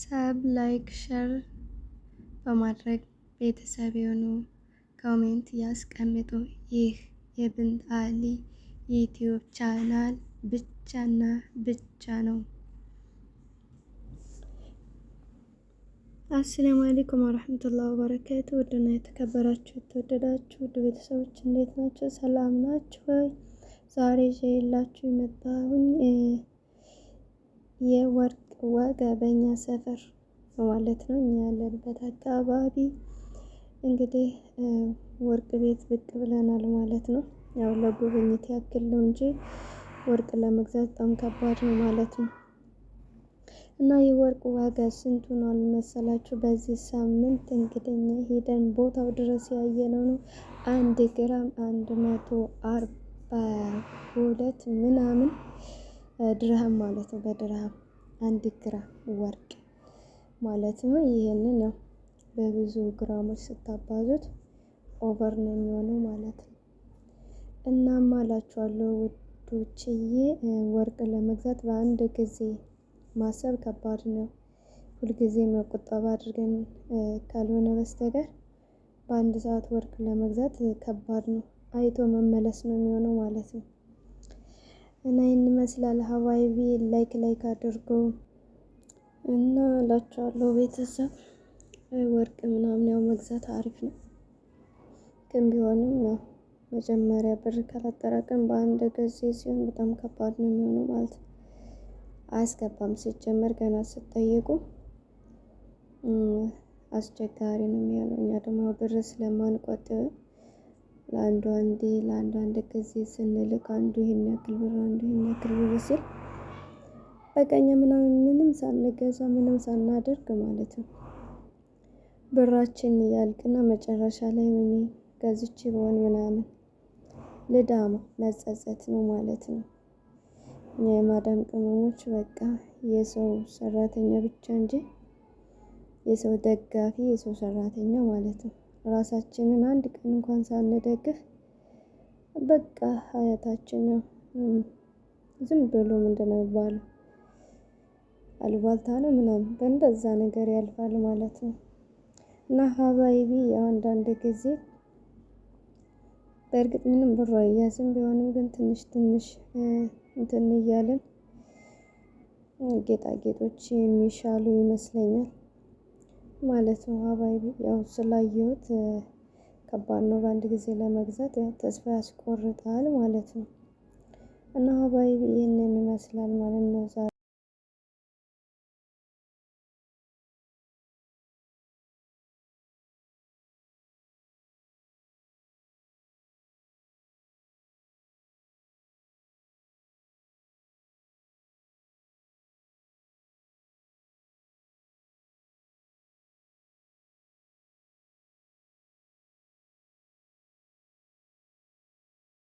ሰብ ላይክ ሸር በማድረግ ቤተሰብ የሆኑ ኮሜንት ያስቀምጡ። ይህ የብንት አሊ ዩቲዩብ ቻናል ብቻና ብቻ ነው። አሰላሙ አለይኩም ወረህመቱላሂ ወበረካቱ። ውድና የተከበራችሁ የተወደዳችሁ ውድ ቤተሰቦች እንዴት ናቸው? ሰላም ናችሁ ወይ? ዛሬ ይዤላችሁ የመጣሁኝ የወርቅ ዋጋ በኛ ሰፈር ማለት ነው እኛ ያለንበት አካባቢ እንግዲህ ወርቅ ቤት ብቅ ብለናል ማለት ነው። ያው ለጉብኝት ያክል ነው እንጂ ወርቅ ለመግዛት በጣም ከባድ ነው ማለት ነው። እና የወርቅ ዋጋ ስንት ነው አልመሰላችሁ በዚህ ሳምንት እንግዲህ ሄደን ቦታው ድረስ ያየነው ነው አንድ ግራም አንድ መቶ አርባ ሁለት ምናምን ድርሃም ማለት ነው በድርሃም አንድ ግራም ወርቅ ማለት ነው። ይህንን ነው በብዙ ግራሞች ስታባዙት ኦቨር ነው የሚሆነው ማለት ነው። እናም አላችኋለሁ ውዶችዬ ወርቅ ለመግዛት በአንድ ጊዜ ማሰብ ከባድ ነው። ሁልጊዜ መቆጠብ አድርገን ካልሆነ በስተቀር በአንድ ሰዓት ወርቅ ለመግዛት ከባድ ነው። አይቶ መመለስ ነው የሚሆነው ማለት ነው። እና ይህን ይመስላል ሀባይቢ ላይክ ላይክ አድርጎ እና እላችኋለሁ ቤተሰብ ወርቅ ምናምን ያው መግዛት አሪፍ ነው፣ ግን ቢሆንም ያው መጀመሪያ ብር ካላጠራቀም በአንድ ጊዜ ሲሆን በጣም ከባድ ነው የሚሆነው ማለት ነው። አያስገባም ሲጀመር ገና ስጠየቁ አስቸጋሪ ነው የሚሆነው። እኛ ደግሞ ብር ስለማንቆጥብ ለአንዱ አንዴ ለአንዱ አንድ ጊዜ ስንልክ አንዱ ይህን ያክል ብር አንዱ ይህን ያክል ብር ሲል በቀኝ ምናምን ምንም ሳንገዛ ምንም ሳናደርግ ማለት ነው ብራችን ያልቅና መጨረሻ ላይ ምን ገዝቼ በሆን ምናምን ልዳማ መጸጸት ነው ማለት ነው። እኛ የማዳም ቅመሞች በቃ የሰው ሰራተኛ ብቻ እንጂ የሰው ደጋፊ የሰው ሰራተኛ ማለት ነው። ራሳችንን አንድ ቀን እንኳን ሳንደግፍ በቃ ሀያታችን ዝም ብሎ ምንድን ነው የሚባለው አልባልታ ነው ምናምን በእንደዛ ነገር ያልፋል ማለት ነው። እና ሀባይቢ አንዳንድ ጊዜ በእርግጥ ምንም ብሩ አያዝም ቢሆንም ግን ትንሽ ትንሽ እንትን እያለን ጌጣጌጦች የሚሻሉ ይመስለኛል። ማለት ነው። አባይ ያው ስላየሁት ከባድ ነው በአንድ ጊዜ ለመግዛት ያው ተስፋ ያስቆርጣል ማለት ነው። እና አባይ ይህንን ይመስላል ማለት ነው